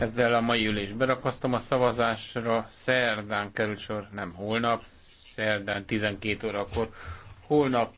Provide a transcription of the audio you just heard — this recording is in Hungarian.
Ezzel a mai ülés berakasztom a szavazásra. Szerdán kerül sor, nem holnap, szerdán 12 órakor. Holnap